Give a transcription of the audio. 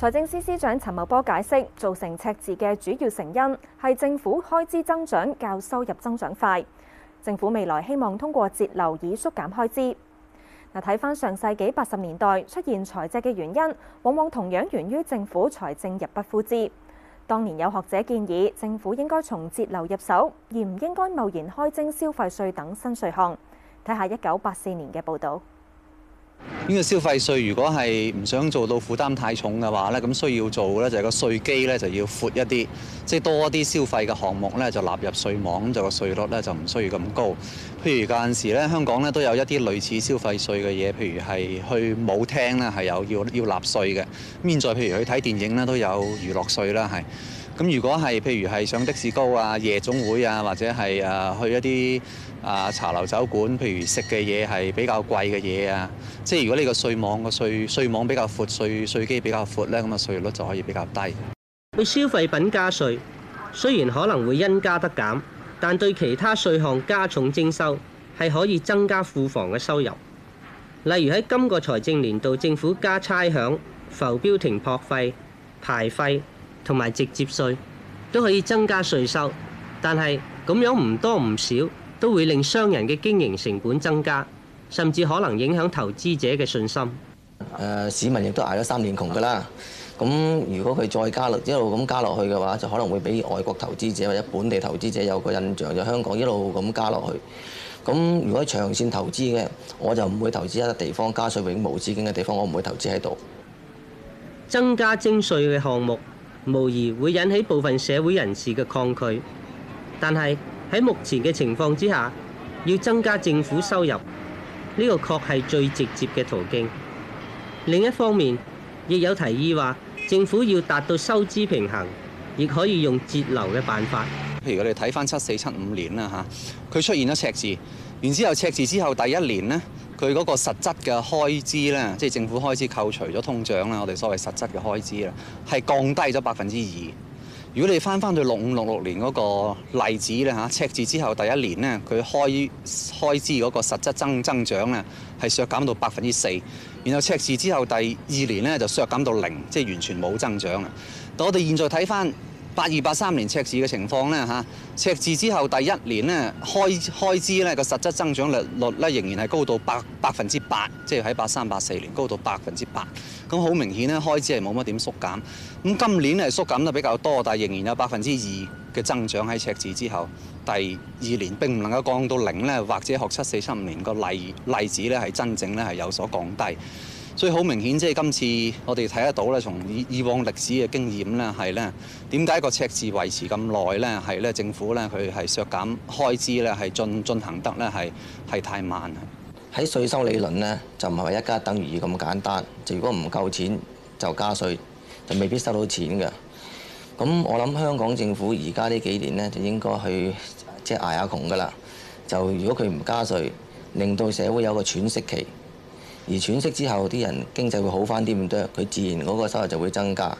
財政司司長陳茂波解釋，造成赤字嘅主要成因係政府開支增長較收入增長快。政府未來希望通過節流以縮減開支。嗱，睇翻上世紀八十年代出現財赤嘅原因，往往同樣源於政府財政入不敷支。當年有學者建議政府應該從節流入手，而唔應該貿然開徵消費稅等新稅項。睇下一九八四年嘅報導。呢個消費稅如果係唔想做到負擔太重嘅話呢，咁需要做呢就係個稅基呢，就要闊一啲，即係多啲消費嘅項目呢，就納入稅網，咁就個稅率呢，就唔需要咁高。譬如有陣時呢，香港呢都有一啲類似消費稅嘅嘢，譬如係去舞廳呢係有要要納稅嘅。咁現在譬如去睇電影呢都有娛樂稅啦，係。咁如果係譬如係上的士高啊、夜總會啊，或者係誒、啊、去一啲啊茶樓酒館，譬如食嘅嘢係比較貴嘅嘢啊，即係如果你個稅網個稅稅網比較闊，稅稅基比較闊咧，咁啊稅率就可以比較低。對消費品加稅雖然可能會因加得減，但對其他稅項加重徵收係可以增加庫房嘅收入。例如喺今個財政年度，政府加差餉、浮標停泊費、牌費。同埋直接稅都可以增加稅收，但係咁樣唔多唔少，都會令商人嘅經營成本增加，甚至可能影響投資者嘅信心。呃，市民亦都挨咗三年窮㗎啦。咁如果佢再加一路咁加落去嘅話，就可能會俾外國投資者或者本地投資者有個印象，就香港一路咁加落去。咁如果長線投資嘅，我就唔會投資一笪地方加稅永無止境嘅地方，我唔會投資喺度。增加徵稅嘅項目。無疑會引起部分社會人士嘅抗拒，但係喺目前嘅情況之下，要增加政府收入，呢個確係最直接嘅途徑。另一方面，亦有提議話，政府要達到收支平衡，亦可以用節流嘅辦法。譬如我哋睇翻七四七五年啦嚇，佢出現咗赤字，然之後赤字之後第一年呢。佢嗰個實質嘅開支呢，即係政府開支扣除咗通脹啦，我哋所謂實質嘅開支啦，係降低咗百分之二。如果你哋翻翻去六五六六年嗰個例子呢嚇，赤字之後第一年呢，佢開開支嗰個實質增增長呢，係削減到百分之四，然後赤字之後第二年呢，就削減到零，即係完全冇增長啦。但我哋現在睇翻。八二八三年赤字嘅情況呢嚇，赤字之後第一年呢，開開支呢個實質增長率率呢，仍然係高到百百分之八，即係喺八三八四年高到百分之八。咁好明顯呢，開支係冇乜點縮減。咁今年呢縮減得比較多，但係仍然有百分之二嘅增長喺赤字之後第二年。並唔能夠降到零呢，或者學七四七五年個例例子呢，係真正呢係有所降低。所以好明顯，即係今次我哋睇得到咧，從以以往歷史嘅經驗咧，係咧點解個赤字維持咁耐咧？係咧政府咧佢係削減開支咧，係進進行得咧係係太慢。喺稅收理論咧，就唔係話一加等於二咁簡單。就如果唔夠錢就加稅，就未必收到錢㗎。咁我諗香港政府而家呢幾年咧，就應該去即係捱下窮㗎啦。就如果佢唔加稅，令到社會有個喘息期。而喘息之後，啲人的經濟會好翻啲咁多，佢自然嗰個收入就會增加。